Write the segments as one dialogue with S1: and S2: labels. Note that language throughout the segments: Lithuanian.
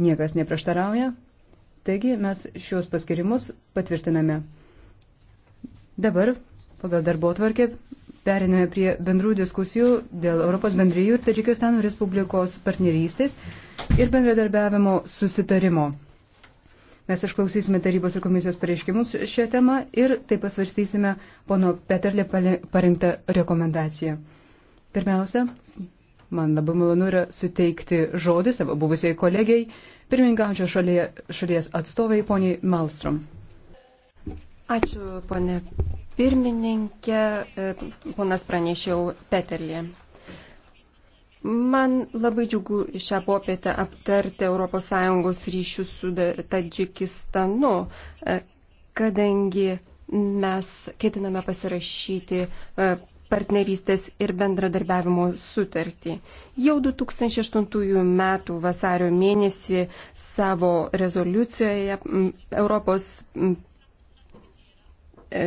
S1: Niekas neprieštarauja. Taigi mes šios paskirimus patvirtiname. Dabar pagal darbo tvarkę periname prie bendrų diskusijų dėl Europos bendryjų ir Tadžikistano Respublikos partnerystės ir bendradarbiavimo susitarimo. Mes išklausysime tarybos ir komisijos pareiškimus šią temą ir taip pasvarstysime pono Peterlė parengtą rekomendaciją. Pirmiausia, Man labai malonu yra suteikti žodį savo buvusiai kolegiai, pirmininkaujančio šalyje, šalies atstovai, poniai Malstrom.
S2: Ačiū, ponė pirmininkė, e, ponas pranešiau Peterlį. Man labai džiugu šią popietę aptarti ES ryšių su Tadžikistanu, e, kadangi mes ketiname pasirašyti e, partnerystės ir bendradarbiavimo sutartį. Jau 2008 m. vasario mėnesį savo rezoliucijoje Europos e,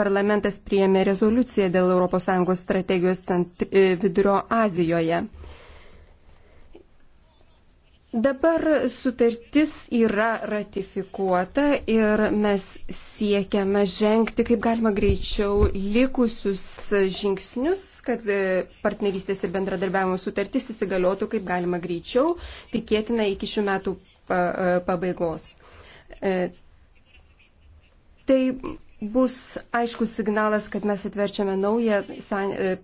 S2: parlamentas priėmė rezoliuciją dėl ES strategijos e, vidurio Azijoje. Dabar sutartis yra ratifikuota ir mes siekiame žengti kaip galima greičiau likusius žingsnius, kad e, partnerystės ir bendradarbiavimo sutartis įsigaliotų kaip galima greičiau, tikėtina iki šių metų e, pabaigos. E, tai bus aiškus signalas, kad mes atverčiame naują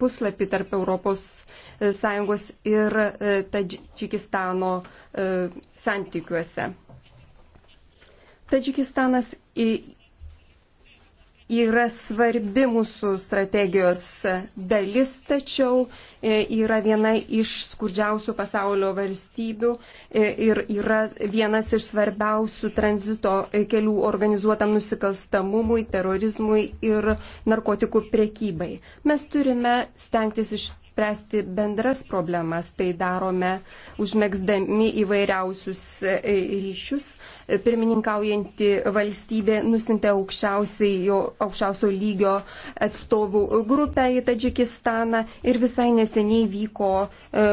S2: puslapį tarp Europos sąjungos ir e, Tadžikistano e, santykiuose. Tadžikistanas yra svarbi mūsų strategijos dalis, tačiau e, yra viena iš skurdžiausių pasaulio valstybių ir yra vienas iš svarbiausių tranzito kelių organizuotam nusikalstamumui, terorizmui ir narkotikų priekybai. Mes turime stengtis iš spręsti bendras problemas. Tai darome užmėgsdami įvairiausius e, ryšius. Pirmininkaujanti valstybė nusintė aukščiausio lygio atstovų grupę į Tadžikistaną ir visai neseniai vyko e,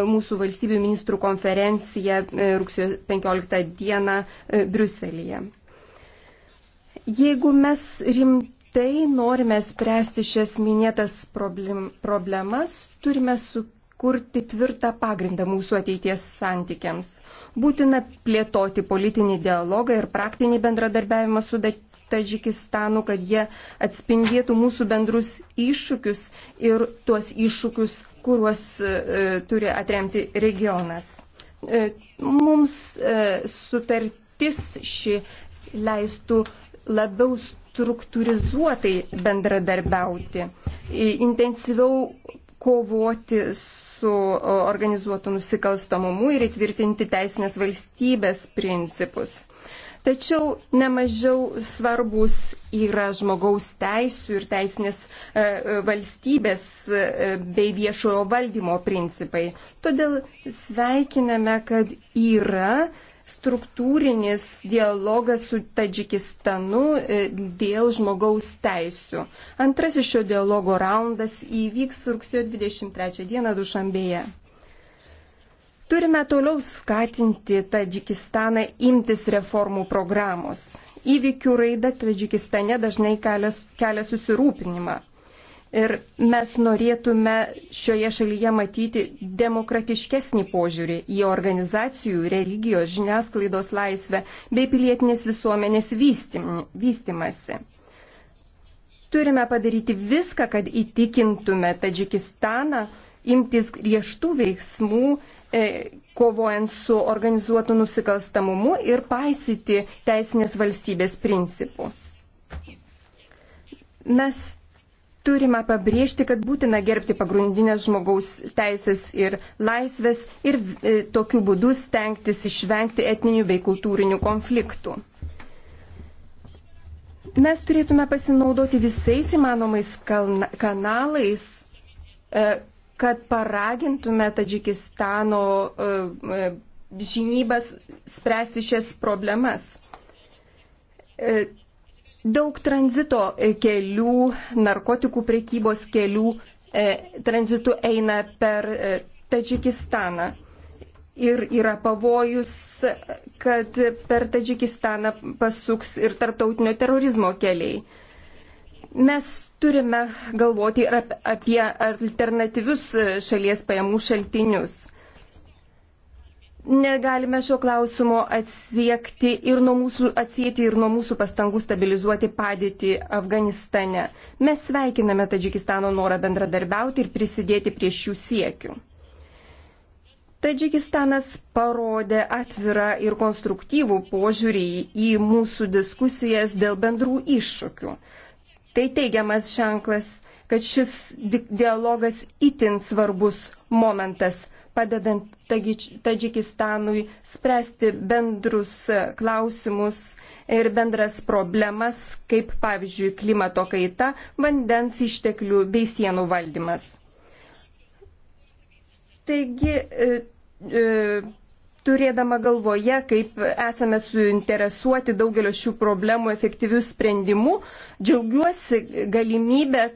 S2: mūsų valstybių ministrų konferencija e, rugsėjo 15 dieną Briuselėje. Jeigu mes rimtai rimtai norime spręsti šias minėtas problem, problemas, turime sukurti tvirtą pagrindą mūsų ateities santykiams. Būtina plėtoti politinį dialogą ir praktinį bendradarbiavimą su Tadžikistanu, kad jie atspindėtų mūsų bendrus iššūkius ir tuos iššūkius, kuriuos e, turi atremti regionas. E, mums e, sutartis ši leistų labiau struktūrizuotai bendradarbiauti, intensyviau kovoti su organizuotu nusikalstamumu ir įtvirtinti teisinės valstybės principus. Tačiau nemažiau svarbus yra žmogaus teisų ir teisinės e, e, valstybės e, bei viešojo valdymo principai. Todėl sveikiname, kad yra struktūrinis dialogas su Tadžikistanu e, dėl žmogaus teisų. Antrasis šio dialogo raundas įvyks rugsėjo 23 dieną Dušambėje. Turime toliau skatinti Tadžikistaną imtis reformų programos. Įvykių raida Tadžikistane dažnai kelia, kelia susirūpinimą. Ir mes norėtume šioje šalyje matyti demokratiškesnį požiūrį į organizacijų, religijos, žiniasklaidos laisvę bei pilietinės visuomenės vystimasi. Turime padaryti viską, kad įtikintume Tadžikistaną imtis griežtų veiksmų, e, kovojant su organizuotu nusikalstamumu ir paisyti teisinės valstybės principų. Mes turime pabrėžti, kad būtina gerbti pagrindinės žmogaus teisės ir laisvės ir e, tokiu būdu stengtis išvengti etninių bei kultūrinių konfliktų. Mes turėtume pasinaudoti visais įmanomais kanalais, e, kad paragintume Tadžikistano e, žinybas spręsti šias problemas daug tranzito e, kelių, narkotikų prekybos kelių e, tranzitų eina per e, Tadžikistaną. Ir yra pavojus, kad per Tadžikistaną pasuks ir tarptautinio terorizmo keliai. Mes turime galvoti ir apie alternatyvius e, šalies pajamų šaltinius negalime šio klausimo atsiekti ir nuo mūsų, atsieti ir nuo mūsų pastangų stabilizuoti padėtį Afganistane. Mes sveikiname Tadžikistano norą bendradarbiauti ir prisidėti prie šių siekių. Tadžikistanas parodė atvirą ir konstruktyvų požiūrį į mūsų diskusijas dėl bendrų iššūkių. Tai teigiamas ženklas, kad šis dialogas itin svarbus momentas padedant Tadžikistanui spręsti bendrus klausimus ir bendras problemas, kaip pavyzdžiui klimato kaita, vandens išteklių bei sienų valdymas. Taigi, e, e, turėdama galvoje, kaip esame suinteresuoti daugelio šių problemų efektyvių sprendimų, džiaugiuosi galimybę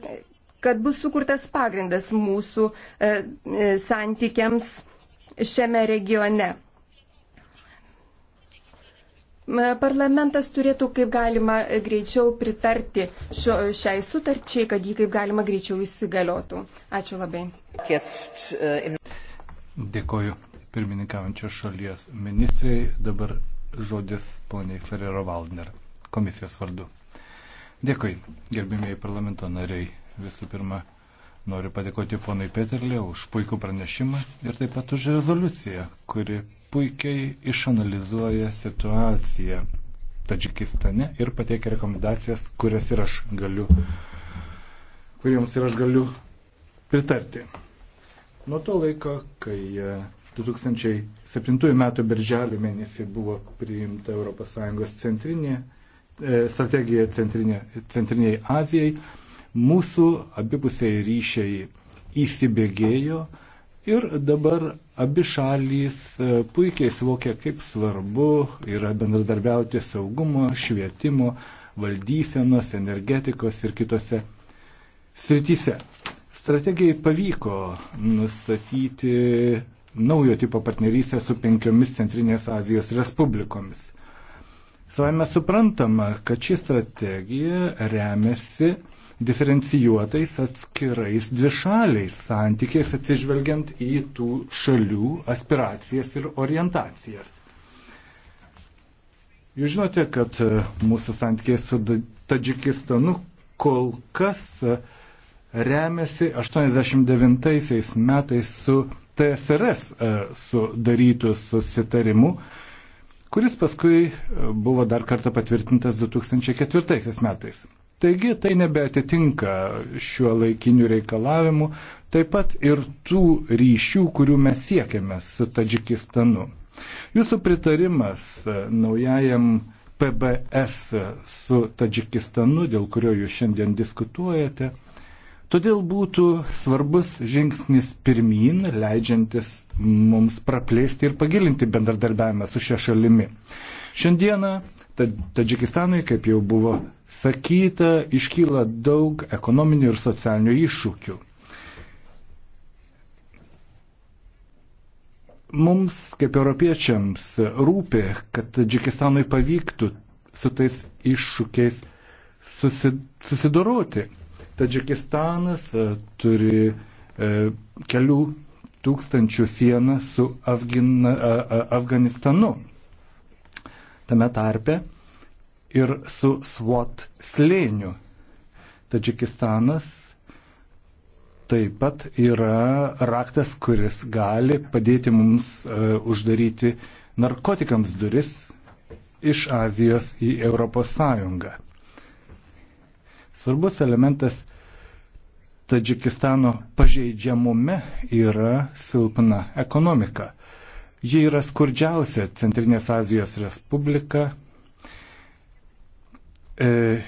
S2: kad bus sukurtas pagrindas mūsų e, e santykiams šiame regione. Parlamentas turėtų kaip galima greičiau pritarti šio, šiai sutarčiai, kad jį kaip galima greičiau įsigaliotų. Ačiū labai.
S3: Dėkoju pirmininkaujančios šalies ministrai. Dabar žodis poniai Ferrero Waldner komisijos vardu. Dėkui, gerbimieji parlamento nariai. Visų pirma, noriu padėkoti ponui Peterlė už puikų pranešimą ir taip pat už rezoliuciją, kuri puikiai išanalizuoja situaciją Tadžikistane ir pateikia rekomendacijas, kurias ir aš galiu, kuriems ir aš galiu pritarti. Nuo to laiko, kai 2007 e, m. birželio mėnesį buvo priimta ES centrinė e, strategija centrinė, centriniai Azijai, Mūsų abipusiai ryšiai įsibėgėjo ir dabar abi šalys e, puikiai suvokia, kaip svarbu yra bendradarbiauti saugumo, švietimo, valdysenos, energetikos ir kitose srityse. Strategijai pavyko nustatyti naujo tipo partnerystę su penkiomis Centrinės Azijos Respublikomis. Savame suprantama, kad ši strategija remiasi diferencijuotais atskirais dvišaliais santykiais atsižvelgiant į tų šalių aspiracijas ir orientacijas. Jūs žinote, kad e, mūsų santykiai su Tadžikistanu kol kas e, remiasi 89 metais su TSRS e, sudarytų susitarimu, kuris paskui buvo dar kartą patvirtintas 2004 metais. Taigi tai nebeatitinka šiuo laikiniu reikalavimu, taip pat ir tų ryšių, kurių mes siekiame su Tadžikistanu. Jūsų pritarimas e, naujajam PBS su Tadžikistanu, dėl kurio jūs šiandien diskutuojate, todėl būtų svarbus žingsnis pirmin, leidžiantis mums praplėsti ir pagilinti bendradarbiavimą su šia šalimi. Šiandieną Tadžikistanui, kaip jau buvo sakyta, iškyla daug ekonominių ir socialinių iššūkių. Mums, kaip europiečiams, rūpi, kad Tadžikistanui pavyktų su tais iššūkiais susi, susidoroti. Tadžikistanas e, turi e, kelių tūkstančių sieną su Afgina, e, Afganistanu tame tarpe ir su SWAT slėniu. Tadžikistanas taip pat yra raktas, kuris gali padėti mums uh, uždaryti narkotikams duris iš Azijos į Europos Sąjungą. Svarbus elementas Tadžikistano pažeidžiamume yra silpna ekonomika. Ji yra skurdžiausia Centrinės Azijos Respublika. E,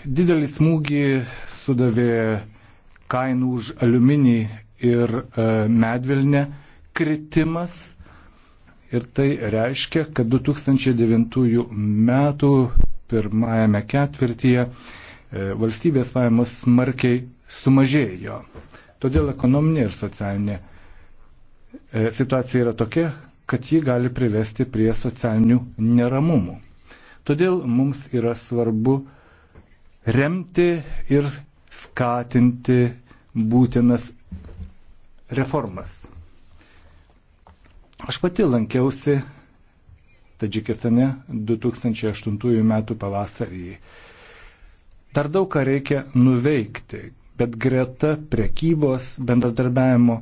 S3: didelį smūgį sudavė kainų už aliuminį ir e, medvilnę kritimas. Ir tai reiškia, kad 2009 metų pirmajame ketvirtyje e, valstybės pajamos smarkiai sumažėjo. Todėl ekonominė ir socialinė e, situacija yra tokia, kad ji gali privesti prie socialinių neramumų. Todėl mums yra svarbu remti ir skatinti būtinas reformas. Aš pati lankiausi Tadžikistane 2008 m. pavasarį. Dar daug ką reikia nuveikti, bet greta prekybos bendradarbiavimo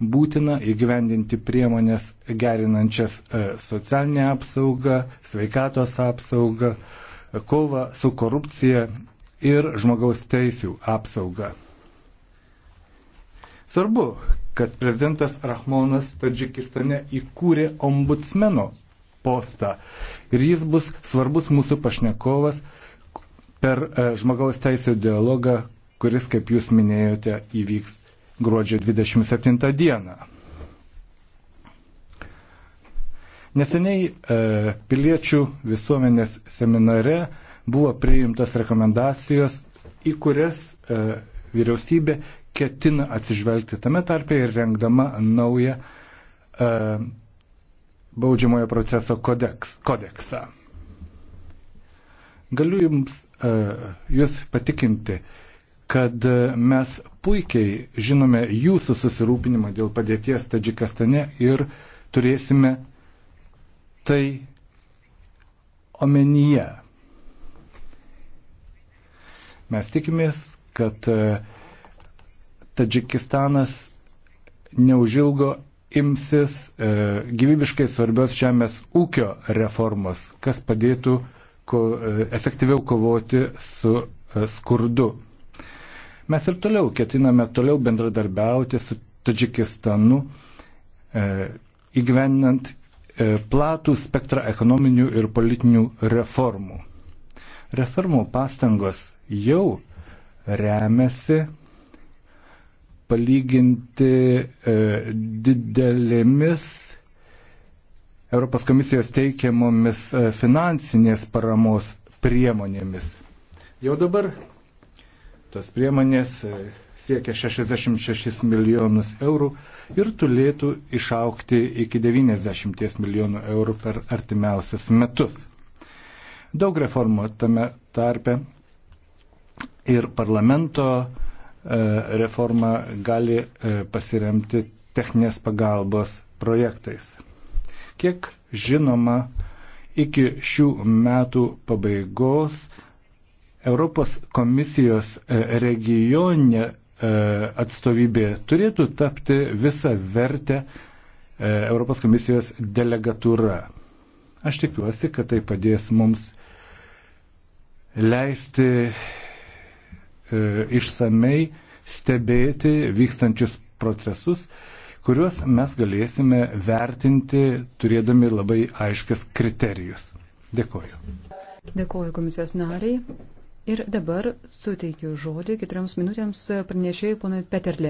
S3: būtina įgyvendinti priemonės gerinančias e, socialinę apsaugą, sveikatos apsaugą, e, kovą su korupcija ir žmogaus teisų apsaugą. Svarbu, kad prezidentas Rahmonas Tadžikistane įkūrė ombudsmeno postą ir jis bus svarbus mūsų pašnekovas per e, žmogaus teisų dialogą, kuris, kaip jūs minėjote, įvyks gruodžio 27 dieną. Neseniai e, piliečių visuomenės seminare buvo priimtas rekomendacijos, į kurias e, vyriausybė ketina atsižvelgti tame tarpe ir rengdama naują e, baudžiamojo proceso kodeks, kodeksą. Galiu jums, e, jūs patikinti, kad mes puikiai žinome jūsų susirūpinimą dėl padėties Tadžikastane ir turėsime tai omenyje. Mes tikimės, kad e, Tadžikistanas neužilgo imsis e, gyvybiškai svarbios žemės ūkio reformos, kas padėtų e, efektyviau kovoti su skurdu. Mes ir toliau ketiname toliau bendradarbiauti su Tadžikistanu, e, įgyveninant e, platų spektrą ekonominių ir politinių reformų. Reformų pastangos jau remiasi palyginti e, didelėmis Europos komisijos teikiamomis e, finansinės paramos priemonėmis. Jau dabar Tos priemonės e, siekia 66 milijonus eurų ir turėtų išaukti iki 90 milijonų eurų per artimiausius metus. Daug reformų tame tarpe ir parlamento e, reforma gali e, pasiremti techninės pagalbos projektais. Kiek žinoma, iki šių metų pabaigos Europos komisijos e, regioninė e, atstovybė turėtų tapti visą vertę e, Europos komisijos delegatūra. Aš tikiuosi, kad tai padės mums leisti išsamei stebėti vykstančius procesus, kuriuos mes galėsime vertinti turėdami labai aiškius kriterijus. Dėkoju.
S1: Dėkoju komisijos nariai. Ir dabar suteikiu žodį keturioms minutėms pranešėjai ponui Peterlė.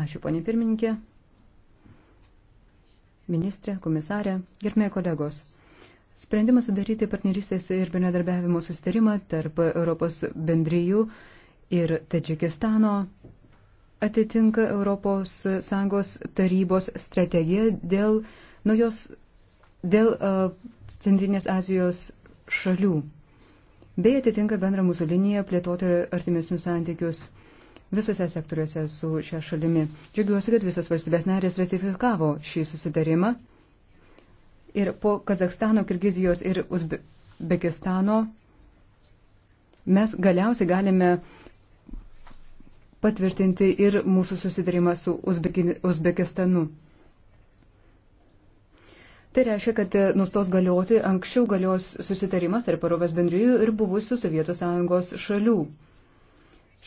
S1: Ačiū, ponė pirmininkė, ministrė, komisarė, gerbėjai kolegos. Sprendimas sudaryti partnerystės ir bendradarbiavimo sustarimą tarp Europos bendryjų ir Tadžikistano atitinka ES tarybos strategiją dėl naujos dėl uh, Centrinės Azijos šalių, bei atitinka bendrą mūsų liniją plėtoti artimesnius santykius visose sektoriuose su šia šalimi. Džiaugiuosi, kad visos valstybės narės ratifikavo šį susitarimą ir po Kazakstano, Kirgizijos ir Uzbekistano mes galiausiai galime patvirtinti ir mūsų susitarimą su Uzbekistanu. Tai reiškia, kad e, nustos galioti anksčiau galios susitarimas tarp Europos bendrijų ir buvusių Sovietų sąjungos šalių.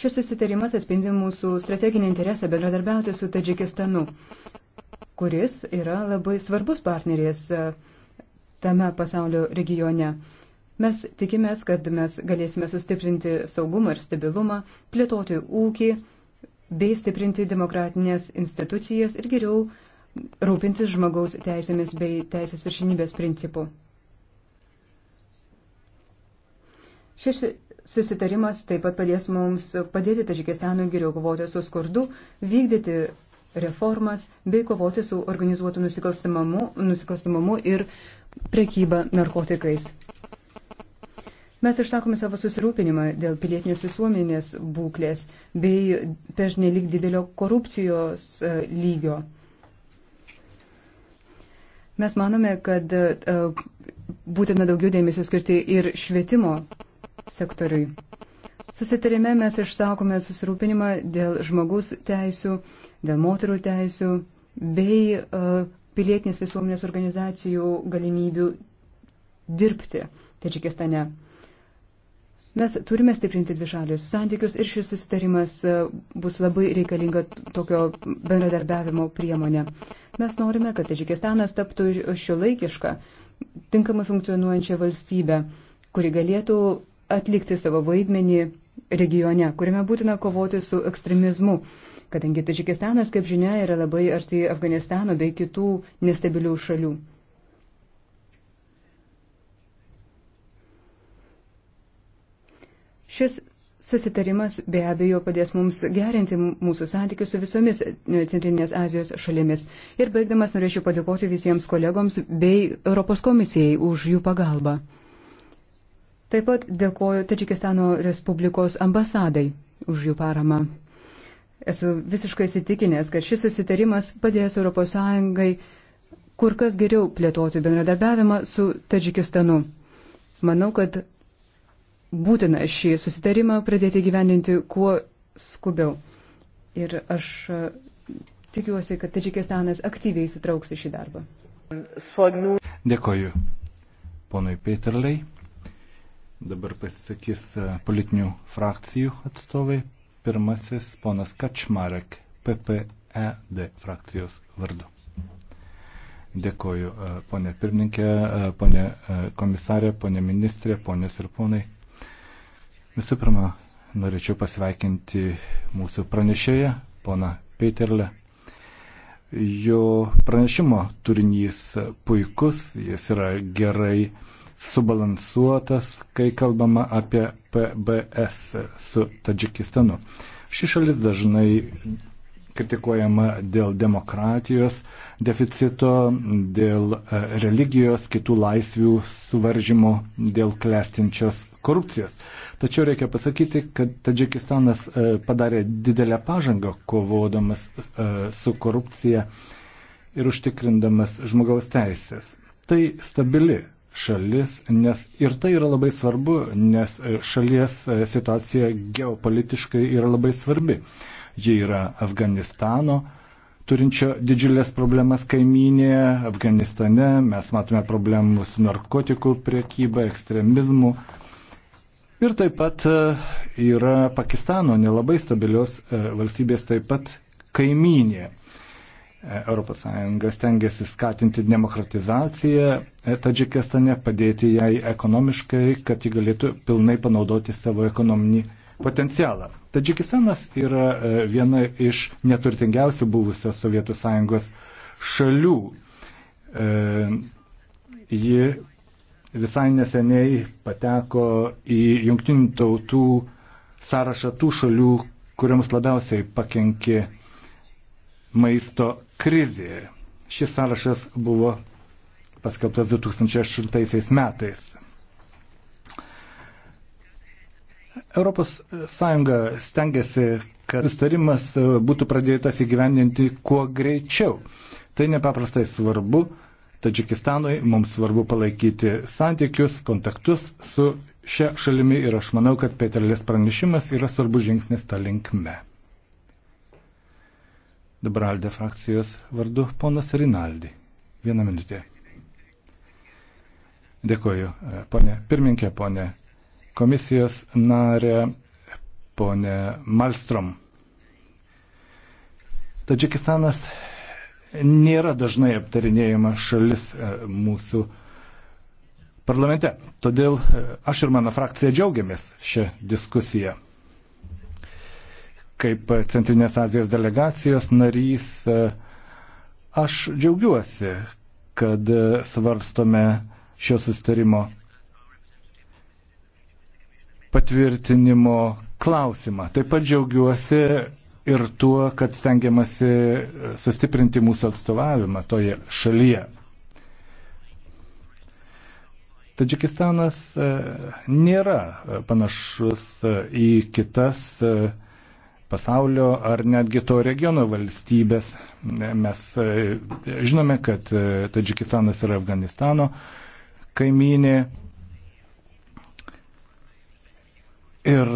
S1: Šis susitarimas atspindi mūsų strateginį interesą bendradarbiauti su Tadžikistanu, kuris yra labai svarbus partneris e, tame pasaulio regione. Mes tikimės, kad mes galėsime sustiprinti saugumą ir stabilumą, plėtoti ūkį bei stiprinti demokratinės institucijas ir geriau rūpintis žmogaus teisėmis bei teisės viršinybės principų. Šis susitarimas taip pat padės mums padėti Tadžikistanui geriau kovoti su skurdu, vykdyti reformas bei kovoti su organizuotu nusikalstamumu, nusikalstamumu ir prekyba narkotikais. Mes išsakome savo susirūpinimą dėl pilietinės visuomenės būklės bei pernelik didelio korupcijos e, lygio. Mes manome, kad e, būtina daugiau dėmesio skirti ir švietimo sektoriui. Susitarime mes išsakome susirūpinimą dėl žmogus teisų, dėl moterų teisų bei uh, pilietinės visuomenės organizacijų galimybių dirbti Tadžikistane. Mes turime stiprinti dvišalius santykius ir šis susitarimas e, bus labai reikalinga tokio bendradarbiavimo priemonė. Mes norime, kad Tadžikistanas taptų šio laikišką, tinkamą funkcionuojančią valstybę, kuri galėtų atlikti savo vaidmenį regione, kuriame būtina kovoti su ekstremizmu, kadangi Tadžikistanas, kaip žinia, yra labai arti Afganistano bei kitų nestabilių šalių. Šis susitarimas be abejo padės mums gerinti mūsų santykius su visomis e, Centrinės Azijos šalimis. Ir baigdamas norėčiau padėkoti visiems kolegoms bei Europos komisijai už jų pagalbą. Taip pat dėkoju Tadžikistano Respublikos ambasadai už jų paramą. Esu visiškai įsitikinęs, kad šis susitarimas padės ES kur kas geriau plėtoti bendradarbiavimą su Tadžikistanu. Manau, kad būtina šį susitarimą pradėti gyveninti kuo skubiau. Ir aš e, tikiuosi, kad Tadžikistanas aktyviai įsitrauks į šį darbą.
S3: Dėkoju ponui Peterlei. Dabar pasisakys e, politinių frakcijų atstovai. Pirmasis ponas Kačmarek, PPED frakcijos vardu. Dėkoju, e, ponė pirmininkė, ponė komisarė, ponė ministrė, ponės ir ponai. Visų pirma, norėčiau pasveikinti mūsų pranešėją, pona Peterle. Jo pranešimo turinys puikus, jis yra gerai subalansuotas, kai kalbama apie PBS su Tadžikistanu. Ši šalis dažnai kritikuojama dėl demokratijos deficito, dėl e, religijos, kitų laisvių suvaržymo, dėl klestinčios korupcijos. Tačiau reikia pasakyti, kad Tadžikistanas e, padarė didelę pažangą kovodamas e, su korupcija ir užtikrindamas žmogaus teisės. Tai stabili šalis, nes ir tai yra labai svarbu, nes e, šalies situacija geopolitiškai yra labai svarbi. Ji yra Afganistano, turinčio didžiulės problemas kaiminėje, Afganistane, mes matome problemų su narkotikų priekyba, ekstremizmu, Ir taip pat e, yra Pakistano nelabai stabilios e, valstybės taip pat kaiminė. ES stengiasi skatinti demokratizaciją e, Tadžikistane, padėti jai ekonomiškai, kad ji galėtų pilnai panaudoti savo ekonominį potencialą. Tadžikistanas yra viena iš neturtingiausių buvusios Sovietų Sąjungos šalių. E, ji visai neseniai pateko į jungtinių tautų sąrašą tų šalių, kuriams labiausiai pakenkė maisto krizė. Šis sąrašas buvo paskelbtas 2008 metais. Europos Sąjunga stengiasi, kad sustarimas būtų pradėtas įgyvendinti kuo greičiau. Tai nepaprastai svarbu, Tadžikistanui, mums svarbu palaikyti santykius, kontaktus su šia šalimi ir aš manau, kad Peterlės pranešimas yra svarbus žingsnis tą linkme. Dabar Aldė frakcijos vardu ponas Rinaldi. Vieną minutę. Dėkuoju, e, ponė pirminkė, ponė komisijos narė, ponė Malstrom. Tadžikistanas nėra dažnai aptarinėjama šalis e, mūsų parlamente. Todėl e, aš ir mano frakcija džiaugiamės šią diskusiją. Kaip Centrinės Azijos delegacijos narys, e, aš džiaugiuosi, kad svarstome šio sustarimo patvirtinimo klausimą. Taip pat džiaugiuosi ir tuo, kad stengiamasi sustiprinti mūsų atstovavimą toje šalyje. Tadžikistanas e, nėra e, panašus e, į kitas pasaulio ar netgi to regiono valstybės. Mes žinome, kad Tadžikistanas yra Afganistano kaiminė ir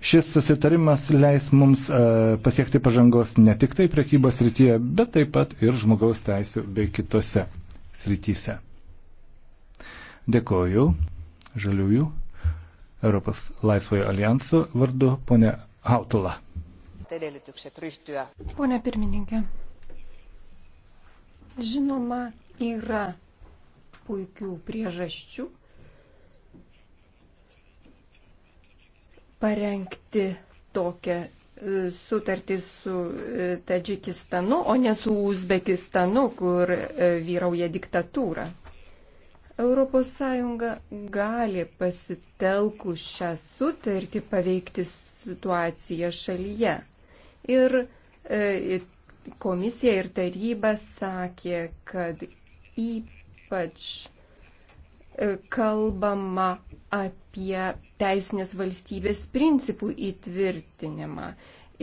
S3: Šis susitarimas leis mums e, pasiekti pažangos ne tik tai prekybos srityje, bet taip pat ir žmogaus teisų bei kitose srityse. Dėkoju Žaliųjų Europos laisvojo alijansų vardu ponė Hautula.
S2: Pone pirmininkė, žinoma, yra puikių priežasčių parengti tokią e, sutartį su e, Tadžikistanu, o ne su Uzbekistanu, kur e, vyrauja diktatūra. ES gali pasitelkus šią sutartį paveikti situaciją šalyje. Ir komisija ir taryba sakė, kad ypač kalbama apie teisinės valstybės principų įtvirtinimą.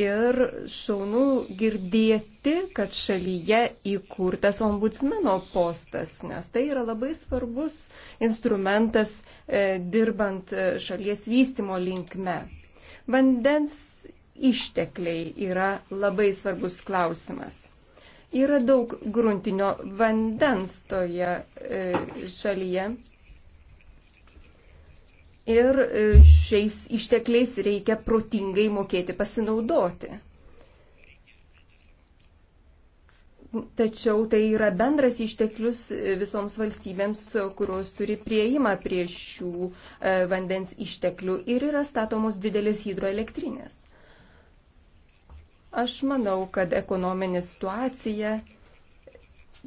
S2: Ir šaunu girdėti, kad šalyje įkurtas ombudsmeno postas, nes tai yra labai svarbus instrumentas e, dirbant e, šalies vystimo linkme. Vandens ištekliai yra labai svarbus klausimas yra daug gruntinio vandens toje e, šalyje ir e, šiais ištekliais reikia protingai mokėti pasinaudoti. Tačiau tai yra bendras išteklius e, visoms valstybėms, kurios turi prieimą prie šių e, vandens išteklių ir yra statomos didelės hidroelektrinės. Aš manau, kad ekonominė situacija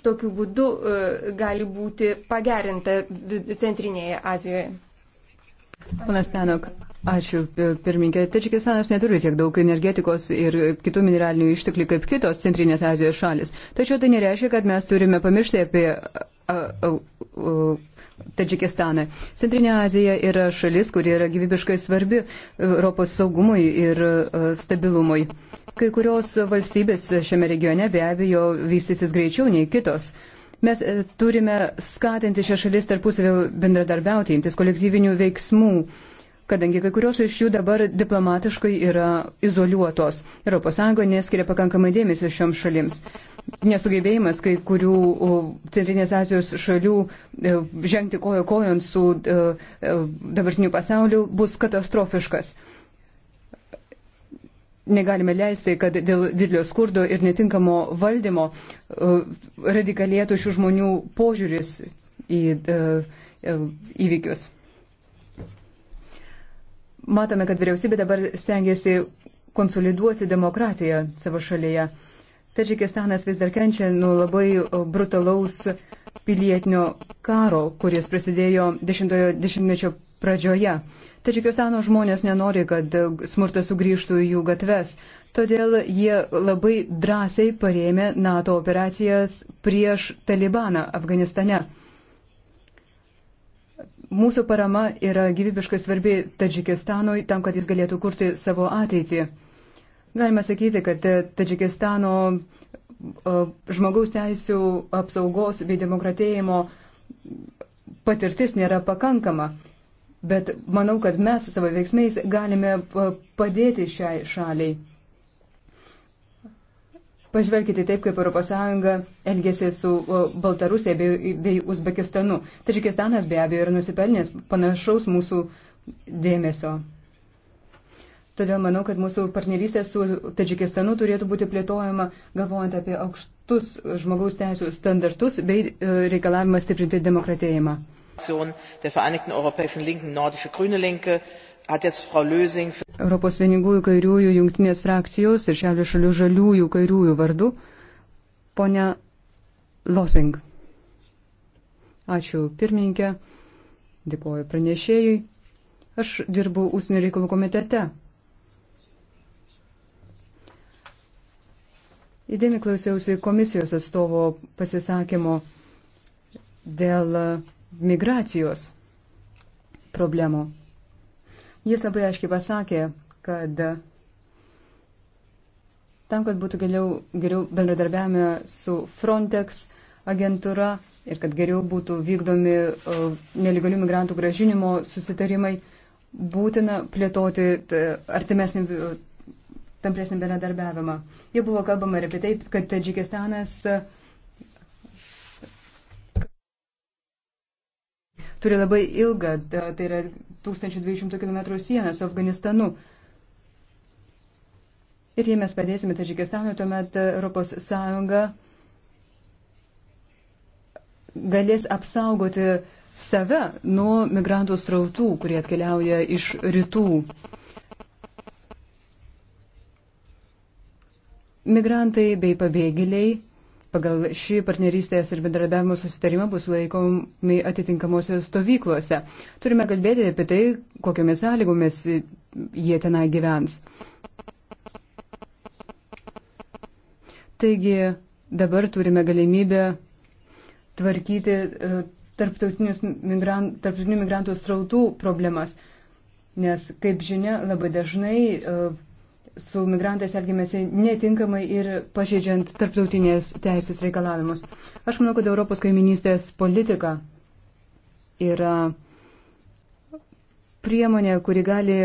S2: tokiu būdu gali būti pagerinta Centrinėje Azijoje.
S1: Panas Tenok, ačiū e, pirmininkė. Tadžikistanas neturi tiek daug energetikos ir kitų mineralinių išteklių kaip kitos Centrinės Azijos šalis. Tačiau tai nereiškia, kad mes turime pamiršti apie. Uh, uh, uh, Tadžikistaną. Centrinė Azija yra šalis, kuri yra gyvybiškai svarbi Europos saugumui ir e, stabilumui. Kai kurios valstybės šiame regione be abejo vystysis greičiau nei kitos. Mes e, turime skatinti šią šalis tarpusavio bendradarbiauti, imtis kolektyvinių veiksmų, kadangi kai kurios iš jų dabar diplomatiškai yra izoliuotos. ES neskiria pakankamai dėmesio šioms šalims. Nesugebėjimas kai kurių Centrinės Azijos šalių e, žengti kojo kojon su e, dabartiniu pasauliu bus katastrofiškas negalime leisti, kad dėl didelio skurdo ir netinkamo valdymo uh, radikalėtų šių žmonių požiūris į uh, įvykius. Matome, kad vyriausybė dabar stengiasi konsoliduoti demokratiją savo šalyje. Tadžikistanas vis dar kenčia nuo labai uh, brutalaus pilietinio karo, kuris prasidėjo 10-mečio pradžioje. Tadžikistano žmonės nenori, kad e, smurtas sugrįžtų į jų gatves, todėl jie labai drąsiai parėmė NATO operacijas prieš Talibaną Afganistane. Mūsų parama yra gyvybiškai svarbi Tadžikistanui tam, kad jis galėtų kurti savo ateitį. Galime sakyti, kad e, Tadžikistano e, žmogaus teisų apsaugos bei demokratėjimo patirtis nėra pakankama. Bet manau, kad mes savo veiksmais galime padėti šiai šaliai. Pažvelkite taip, kaip ES elgėsi su Baltarusija bei, bei Uzbekistanu. Tadžikistanas be abejo yra nusipelnęs panašaus mūsų dėmesio. Todėl manau, kad mūsų partnerystė su Tadžikistanu turėtų būti plėtojama, galvojant apie aukštus žmogaus teisų standartus bei e, reikalavimą stiprinti demokratėjimą. Europos vieningųjų kairiųjų jungtinės frakcijos ir šiaurės šalių žaliųjų kairiųjų vardu. Pone Losing. Ačiū pirmininkė, dėkoju pranešėjai. Aš dirbu Ūsinių reikalų komitete. Įdėmi klausiausi komisijos atstovo pasisakymo dėl migracijos problemų. Jis labai aiškiai pasakė, kad tam, kad būtų geriau, geriau bendradarbiavime su Frontex agentūra ir kad geriau būtų vykdomi neligalių migrantų gražinimo susitarimai, būtina plėtoti artimesnį, tampresnį bendradarbiavimą. Jau buvo kalbama ir apie tai, kad Tadžikistanas uh, turi labai ilgą, tai yra 1200 km sieną su Afganistanu. Ir jei mes padėsime Tadžikistanui, tuomet ES galės apsaugoti save nuo migrantų strautų, kurie atkeliauja iš rytų. Migrantai bei pabėgėliai Pagal šį partnerystės ir bendradarbiavimo susitarimą bus laikomi atitinkamosios stovyklose. Turime kalbėti apie tai, kokiamis sąlygomis jie tenai gyvens. Taigi dabar turime galimybę tvarkyti e, tarptautinių migrantų, tarptautinių migrantų srautų problemas, nes, kaip žinia, labai dažnai uh, su migrantais elgiamėsi netinkamai ir pažeidžiant tarptautinės teisės reikalavimus. Aš manau, kad Europos kaiminystės politika yra priemonė, kuri gali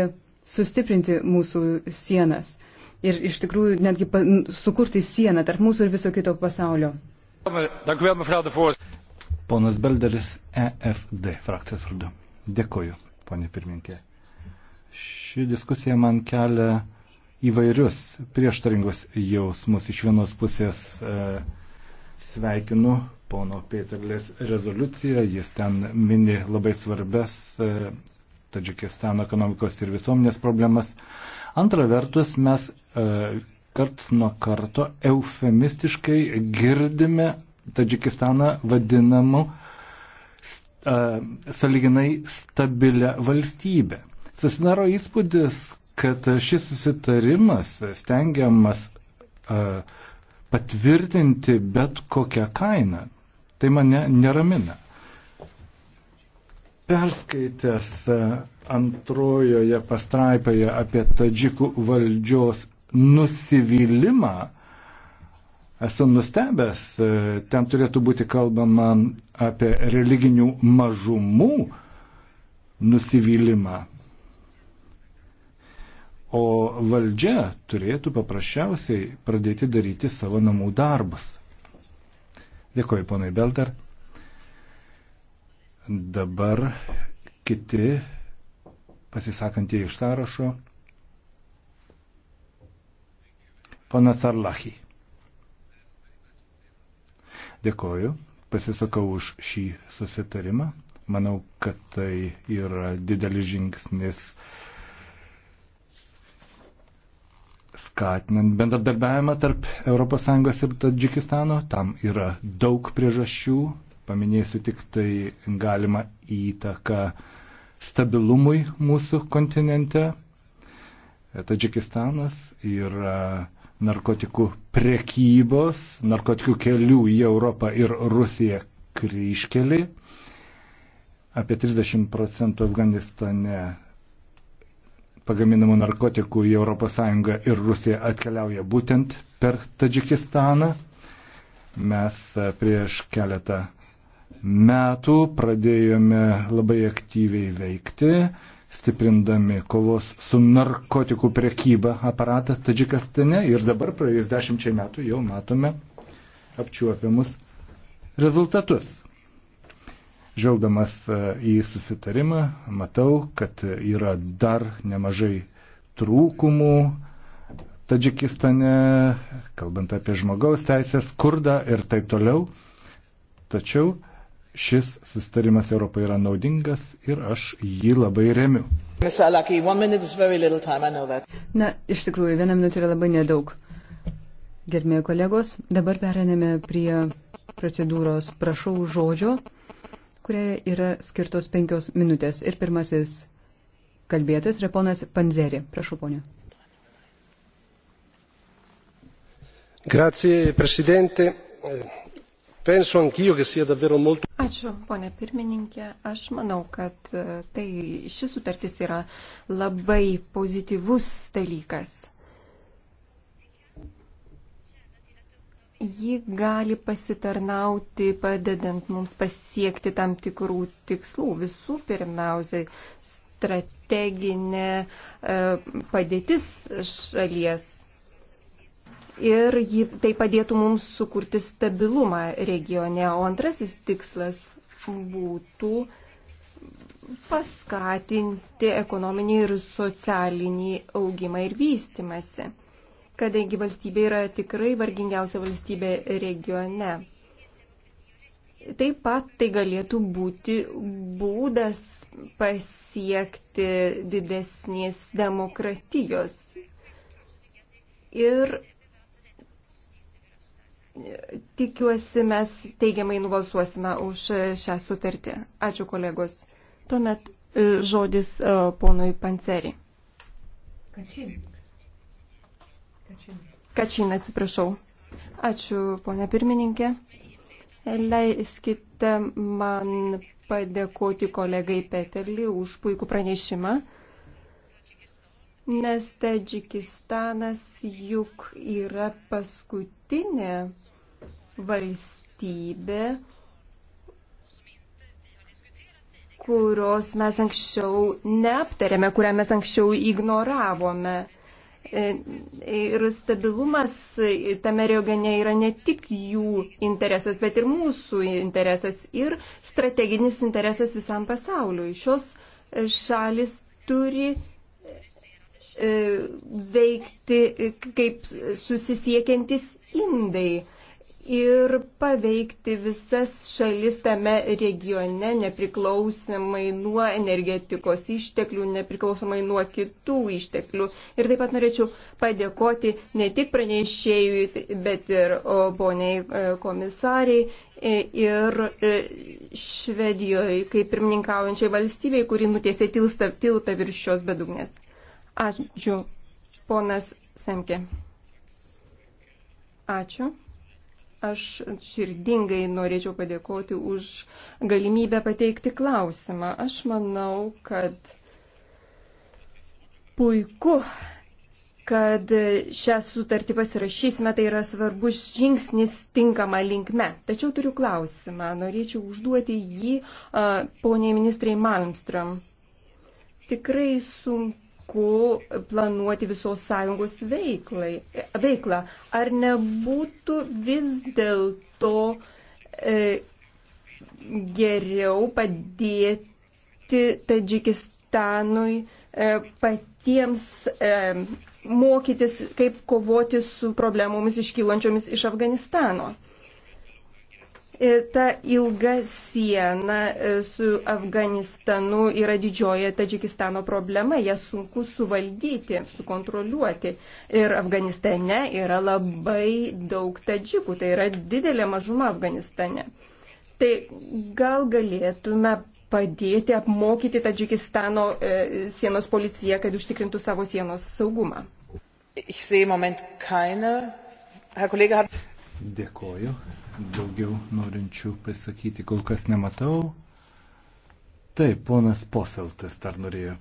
S1: sustiprinti mūsų sienas ir iš tikrųjų netgi sukurti sieną tarp mūsų ir viso kito pasaulio.
S3: Ponas Belderis, EFD frakcijos vardu. Dėkoju, ponė pirmininkė. Ši diskusija man kelia įvairius prieštaringus jausmus. Iš vienos pusės e, sveikinu pono Pėterlės rezoliuciją, jis ten mini labai svarbes e, Tadžikistano ekonomikos ir visuomenės problemas. Antra vertus, mes e, karts nuo karto eufemistiškai girdime Tadžikistaną vadinamu e, saliginai stabilę valstybę. Susidaro įspūdis, kad šis susitarimas stengiamas patvirtinti bet kokią kainą. Tai mane neramina. Perskaitęs antrojoje pastraipoje apie tadžikų valdžios nusivylimą, esu nustebęs, ten turėtų būti kalbama apie religinių mažumų nusivylimą. O valdžia turėtų paprasčiausiai pradėti daryti savo namų darbus. Dėkoju, ponai Belder. Dabar kiti pasisakantieji iš sąrašo. Ponas Arlachi. Dėkoju, pasisakau už šį susitarimą. Manau, kad tai yra didelis žingsnis uh, skatinant bendradarbiavimą tarp ES ir Tadžikistano. Tam yra daug priežasčių. Paminėsiu tik tai galima įtaką stabilumui mūsų kontinente. Tadžikistanas yra narkotikų prekybos, narkotikų kelių į Europą ir Rusiją kryškelį. Apie 30 procentų Afganistane pagaminamų narkotikų į ES ir Rusiją atkeliauja būtent per Tadžikistaną. Mes e, prieš keletą metų pradėjome labai aktyviai veikti, stiprindami kovos su narkotikų priekyba aparatą Tadžikastane ir dabar praėjus dešimčiai metų jau matome apčiuopiamus rezultatus. Žvelgdamas e, į susitarimą, matau, kad yra dar nemažai trūkumų Tadžikistane, kalbant apie žmogaus teisės, skurdą ir taip toliau. Tačiau šis susitarimas Europai yra naudingas ir aš jį labai remiu.
S1: Na, iš tikrųjų, vieną minutę yra labai nedaug. Gerbėjai kolegos, dabar perėmėme prie procedūros prašau žodžio kurie yra skirtos penkios minutės. Ir pirmasis kalbėtas yra ponas Panzeri. Prašau, ponė.
S3: Grazie, prezidente. Penso anch'io che sia davvero molto.
S2: Ačiū, ponė pirmininkė. Aš manau, kad e, tai ši sutartis yra labai pozityvus dalykas. ji gali pasitarnauti padedant mums pasiekti tam tikrų tikslų. Visų pirmiausia, strateginė e, padėtis šalies. Ir ji, tai padėtų mums sukurti stabilumą regione. O antrasis tikslas būtų paskatinti ekonominį ir socialinį augimą ir vystimasi kadangi valstybė yra tikrai vargingiausia valstybė regione. Taip pat tai galėtų būti būdas pasiekti didesnės demokratijos. Ir tikiuosi, mes teigiamai nubalsuosime už šią sutartį. Ačiū kolegos. Tuomet e, žodis e, ponui Panceri. Kačin. Kačin, atsiprašau. Ačiū, ponia pirmininkė. Leiskite man padėkoti kolegai Peterli už puikų pranešimą, nes Tadžikistanas juk yra paskutinė valstybė, kurios mes anksčiau neaptarėme, kurią mes anksčiau ignoravome. E, ir stabilumas tame regione yra ne tik jų interesas, bet ir mūsų interesas ir strateginis interesas visam pasauliui. Šios šalis turi e, veikti kaip susisiekiantis indai ir paveikti visas šalis tame regione, nepriklausomai nuo energetikos išteklių, nepriklausomai nuo kitų išteklių. Ir taip pat norėčiau padėkoti ne tik pranešėjui, bet ir poniai e, komisariai e, ir e, Švedijoje, kaip pirmininkaujančiai valstybei, kuri nutiesė tiltą virš šios bedugnės. Ačiū, ponas Semke. Ačiū. Aš širdingai norėčiau padėkoti už galimybę pateikti klausimą. Aš manau, kad puiku, kad šią sutartį pasirašysime, tai yra svarbus žingsnis tinkama linkme. Tačiau turiu klausimą, norėčiau užduoti jį uh, poniai ministrai Malmström. Tikrai sunku sunku planuoti visos sąjungos veiklai, veiklą. Ar nebūtų vis dėlto e, geriau padėti Tadžikistanui e, patiems e, mokytis, kaip kovoti su problemomis iškylančiomis iš Afganistano? E, ta ilga siena e, su Afganistanu yra didžioji Tadžikistano problema, ją sunku suvaldyti, sukontroliuoti. Ir Afganistane yra labai daug tadžikų, tai yra didelė mažuma Afganistane. Tai gal galėtume padėti apmokyti Tadžikistano e, sienos policiją, kad užtikrintų savo sienos saugumą.
S3: Dėkoju daugiau norinčių pasakyti kol kas nematau. Taip, ponas Poseltas dar norėjo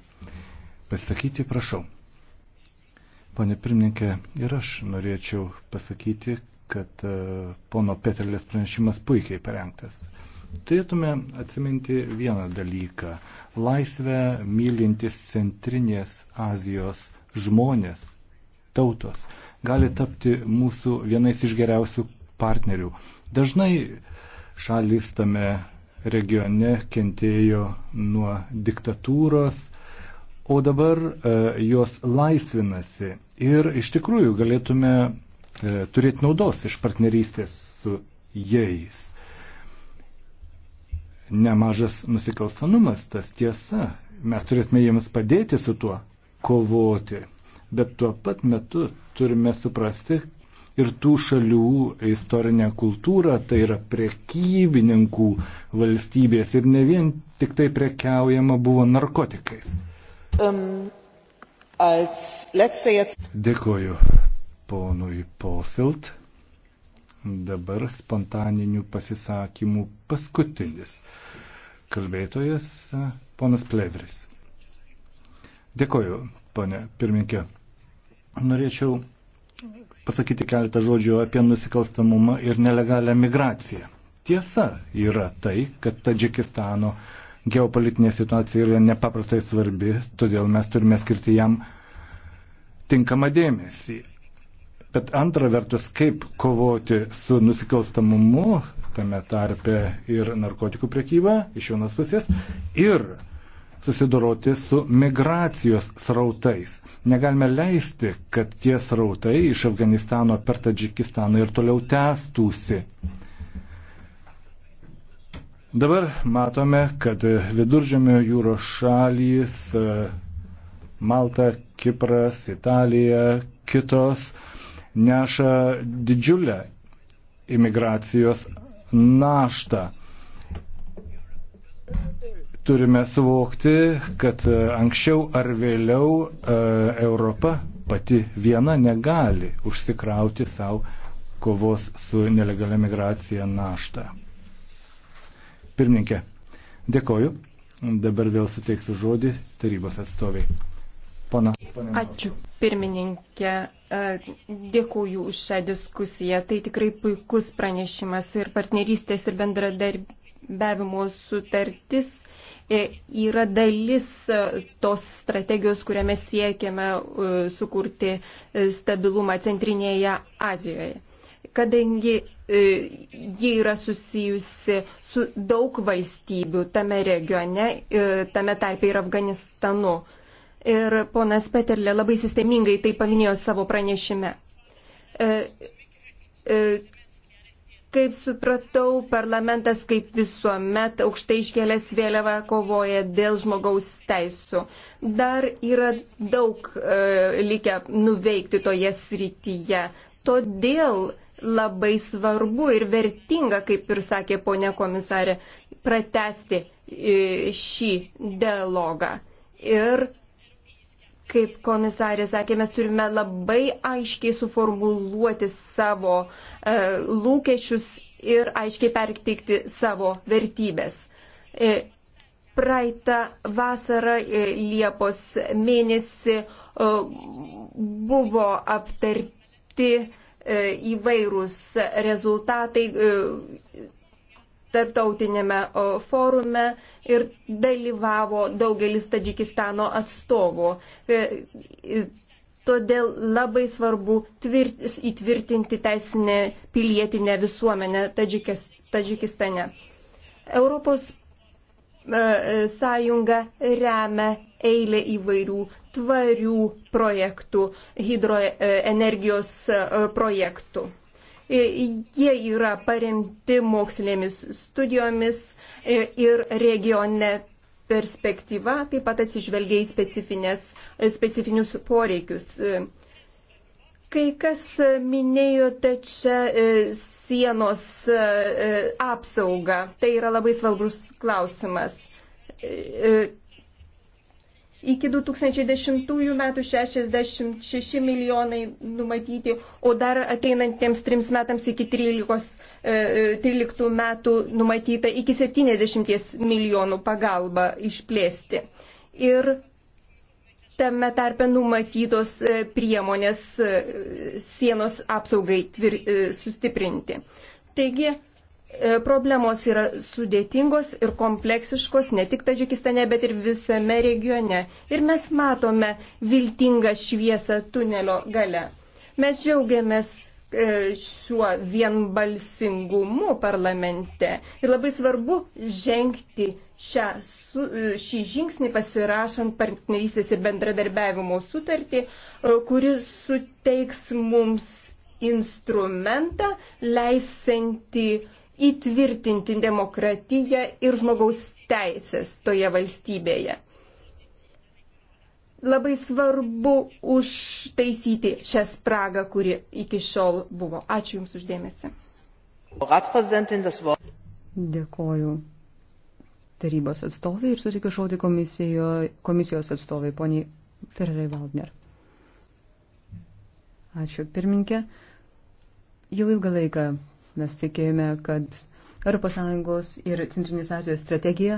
S3: pasakyti, prašau. Pane pirmininkė, ir aš norėčiau pasakyti, kad e, pono Petrelės pranešimas puikiai parengtas. Turėtume atsiminti vieną dalyką. Laisvę mylintis centrinės Azijos žmonės, tautos, gali tapti mūsų vienais iš geriausių partnerių Dažnai šalis tame regione kentėjo nuo diktatūros, o dabar e, jos laisvinasi ir iš tikrųjų galėtume e, turėti naudos iš partnerystės su jais. Nemažas nusikalstanumas, tas tiesa, mes turėtume jiems padėti su tuo kovoti, bet tuo pat metu turime suprasti, ir tų šalių istorinę kultūrą, tai yra prekybininkų valstybės ir ne vien tik tai prekiaujama buvo narkotikais. Um, jetzt... Dėkoju ponui Posilt. Dabar spontaninių pasisakymų paskutinis kalbėtojas, ponas Plevris. Dėkoju, ponė pirminkė. Norėčiau pasakyti keletą žodžių apie nusikalstamumą ir nelegalią migraciją. Tiesa yra tai, kad Tadžikistano geopolitinė situacija yra nepaprastai svarbi, todėl mes turime skirti jam tinkamą dėmesį. Bet antra vertus, kaip kovoti su nusikalstamumu, tame tarpe ir narkotikų priekyba iš vienos pusės, ir susidoroti su migracijos srautais. Negalime leisti, kad tie srautai iš Afganistano per Tadžikistaną ir toliau tęstųsi. Dabar matome, kad viduržėmio jūros šalys Malta, Kipras, Italija, kitos neša didžiulę imigracijos naštą turime suvokti, kad e, anksčiau ar vėliau e, Europa pati viena negali užsikrauti savo kovos su nelegalia migracija naštą. Pirmininkė, dėkoju. Dabar vėl suteiksiu žodį tarybos atstoviai. Pana.
S2: Ačiū, pirmininkė. E, Dėkuoju už šią diskusiją. Tai tikrai puikus pranešimas ir partnerystės ir bendradarbiavimo sutartis E, yra dalis e, tos strategijos, kurią mes siekiame e, sukurti stabilumą Centrinėje Azijoje. Kadangi ji yra susijusi su daug valstybių tame regione, tame tarpe ir Afganistanu. Ir ponas Peterlė labai sistemingai tai paminėjo savo pranešime Kaip supratau, parlamentas kaip visuomet aukštai iškėlęs vėliavą kovoja dėl žmogaus teisų. Dar yra daug e, likę nuveikti toje srityje. Todėl labai svarbu ir vertinga, kaip ir sakė ponė komisarė, pratesti e, šį dialogą. Ir Kaip komisarė sakė, mes turime labai aiškiai suformuluoti savo e, lūkesčius ir aiškiai perteikti savo vertybės. E, praeitą vasarą e, Liepos mėnesį e, buvo aptarti e, įvairūs rezultatai e, tarptautinėme forume ir dalyvavo daugelis Tadžikistano atstovų. E, todėl labai svarbu tvirt, įtvirtinti teisinę pilietinę visuomenę Tadžikis, Tadžikistane. Europos e, sąjunga remia eilę įvairių tvarių projektų, hidroenergijos e, e, projektų. E, jie yra paremti mokslinėmis studijomis e, ir regione perspektyva taip pat atsižvelgia į e, specifinius poreikius. Kai kas minėjote čia sienos apsaugą, tai yra labai svalbus klausimas iki 2010 metų 66 milijonai numatyti, o dar ateinantiems trims metams iki 13, 13 e, e, metų numatyta iki 70 milijonų pagalba išplėsti. Ir tame tarpe numatytos e, priemonės sienos apsaugai tvir, sustiprinti. Taigi, E, problemos yra sudėtingos ir kompleksiškos ne tik Tadžikistane, bet ir visame regione. Ir mes matome viltingą šviesą tunelio gale. Mes džiaugiamės e, šiuo vienbalsingumu parlamente. Ir labai svarbu žengti šią, e, šį žingsnį pasirašant partnerystės ir bendradarbiavimo sutartį, kuris suteiks mums instrumentą leisantį uh, įtvirtinti demokratiją ir žmogaus teisės toje valstybėje. Labai svarbu užtaisyti šią spragą, kuri iki šiol buvo. Ačiū Jums uždėmesi.
S1: Dėkoju tarybos atstovai ir sutikiu žodį komisijos atstovai, poniai Ferrari Waldner. Ačiū pirminkė. Jau ilgą laiką Mes tikėjome, kad ES ir Centrinės Azijos strategija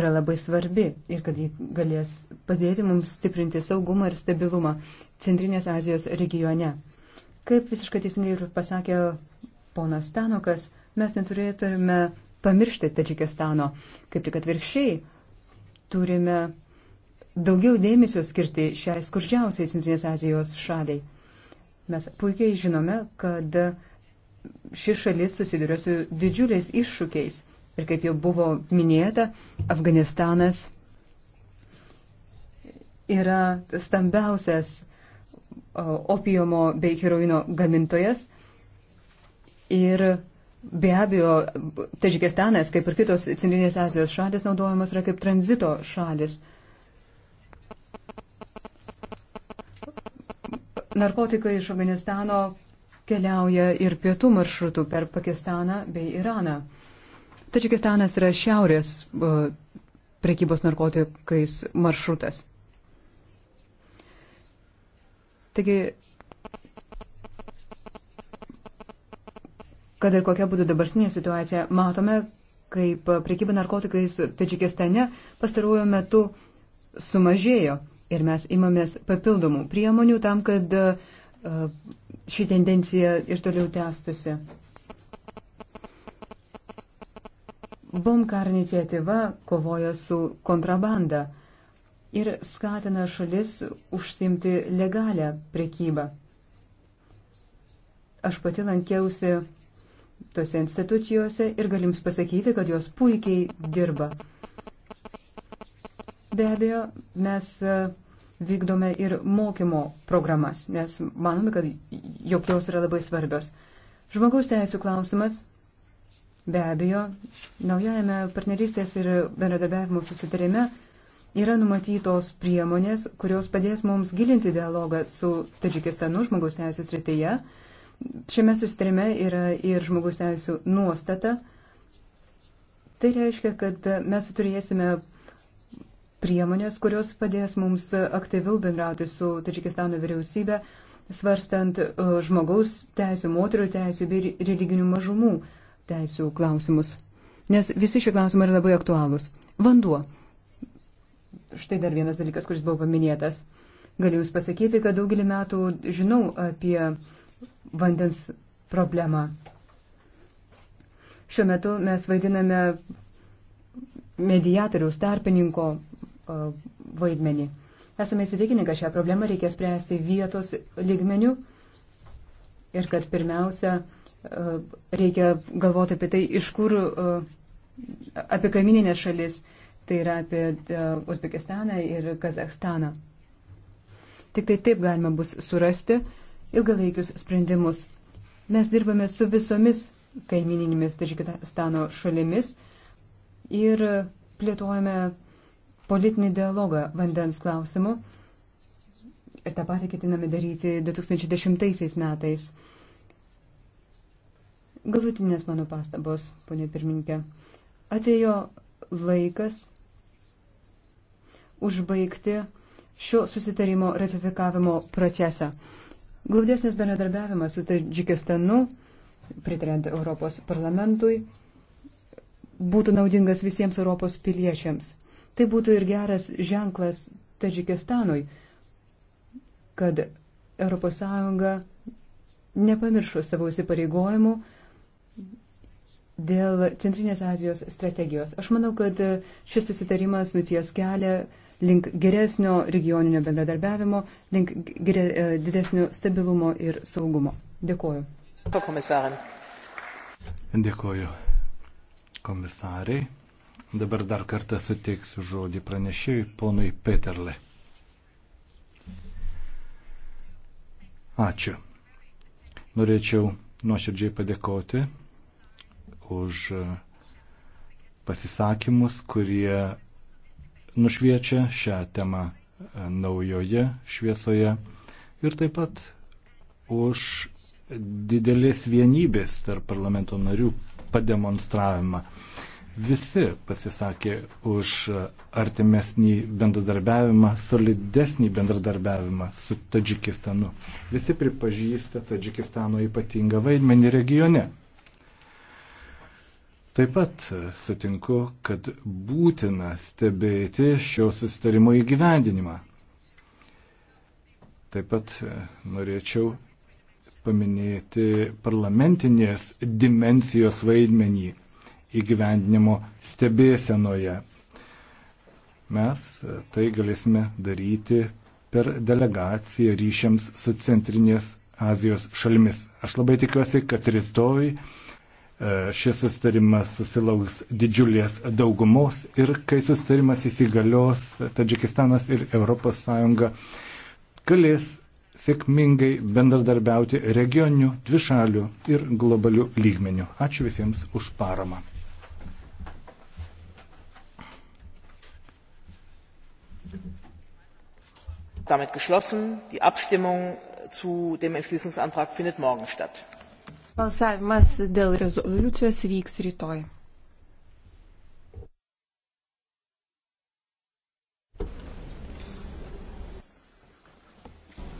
S1: yra labai svarbi ir kad ji galės padėti mums stiprinti saugumą ir stabilumą Centrinės Azijos regione. Kaip visiškai teisingai ir pasakė ponas Stanokas, mes neturėtume pamiršti Tadžikistano, kaip tik atvirkščiai turime daugiau dėmesio skirti šiai skurdžiausiai Centrinės Azijos šaliai. Mes puikiai žinome, kad ši šalis susiduria su didžiuliais iššūkiais. Ir kaip jau buvo minėta, Afganistanas yra stambiausias opiumo bei heroino gamintojas. Ir be abejo, Tadžikistanas, kaip ir kitos Centrinės Azijos šalis, naudojamas yra kaip tranzito šalis. Uh, Narkotikai iš Afganistano keliauja ir pietų maršrutų per Pakistaną bei Iraną. Tačikistanas yra šiaurės prekybos narkotikais maršrutas. Taigi, kad ir kokia būtų dabartinė situacija, matome, kaip prekyba narkotikais Tadžikistane pastaruoju metu sumažėjo ir mes imamės papildomų priemonių tam, kad e, ši tendencija ir toliau tęstusi. Bomkar iniciatyva kovoja su kontrabanda ir skatina šalis užsimti legalią prekybą. Aš pati lankiausi tose institucijose ir galim pasakyti, kad jos puikiai dirba. Be abejo, mes e, vykdome ir mokymo programas, nes manome, kad jog jos yra labai svarbios. Žmogaus teisų klausimas Be abejo, naujajame partnerystės ir bendradarbiavimo susitarime yra numatytos priemonės, kurios padės mums gilinti dialogą su Tadžikistanu žmogaus teisų srityje. Šiame susitarime yra ir žmogaus teisų nuostata. Tai reiškia, kad mes turėsime priemonės, kurios padės mums aktyviau bendrauti su Tadžikistano vyriausybė, svarstant e, žmogaus teisų, moterų teisų bei religinių mažumų teisų klausimus. Nes visi šie klausimai yra labai aktualūs. Vanduo. Štai dar vienas dalykas, kuris buvo paminėtas. Galiu Jūs pasakyti, kad daugelį metų žinau apie vandens problemą. Šiuo metu mes vaidiname mediatoriaus tarpininko vaidmenį. Esame įsitikinę, kad šią problemą reikia spręsti vietos lygmenių ir kad pirmiausia reikia galvoti apie tai, iš kur, apie kamininės šalis, tai yra apie Uzbekistaną ir Kazakstaną. Tik tai taip galima bus surasti ilgalaikius sprendimus. Mes dirbame su visomis kaimininėmis Tadžikistano šalimis ir plėtojame politinį dialogą vandens klausimu ir tą patį ketiname daryti 2010 metais. Galutinės mano pastabos, ponė pirmininkė. Atėjo laikas užbaigti šio susitarimo ratifikavimo procesą. Glaudesnis bendradarbiavimas su Tadžikistanu, pritariant Europos parlamentui, būtų naudingas visiems Europos piliečiams. Tai būtų ir geras ženklas Tadžikistanui, kad ES nepamiršo savo įsipareigojimų dėl Centrinės Azijos strategijos. Aš manau, kad šis susitarimas nuties kelią link geresnio regioninio bendradarbiavimo, link gere, e, didesnio stabilumo ir saugumo. Dėkuoju.
S3: Dėkuoju komisarai. Dabar dar kartą suteiksiu žodį pranešėjui ponui Peterle. Ačiū. Norėčiau nuoširdžiai padėkoti už pasisakymus, kurie nušviečia šią temą naujoje šviesoje ir taip pat už didelės vienybės tarp parlamento narių pademonstravimą. Visi pasisakė už artimesnį bendradarbiavimą, solidesnį bendradarbiavimą su Tadžikistanu. Visi pripažįsta Tadžikistano ypatingą vaidmenį regione. Taip pat sutinku, kad būtina stebėti šio susitarimo įgyvendinimą. Taip pat norėčiau paminėti parlamentinės dimensijos vaidmenį įgyvendinimo stebėsenoje. Mes tai galėsime daryti per delegaciją ryšiams su Centrinės Azijos šalimis. Aš labai tikiuosi, kad rytoj e, šis sustarimas susilauks didžiulės daugumos ir kai sustarimas įsigalios, Tadžikistanas ir ES galės sėkmingai bendradarbiauti regioniniu, dvišaliu ir globaliu lygmeniu. Ačiū visiems už paramą. Damit geschlossen. Die
S1: Abstimmung zu dem Entschließungsantrag findet morgen statt.
S2: Balsavimas dėl rezoliucijos vyks rytoj.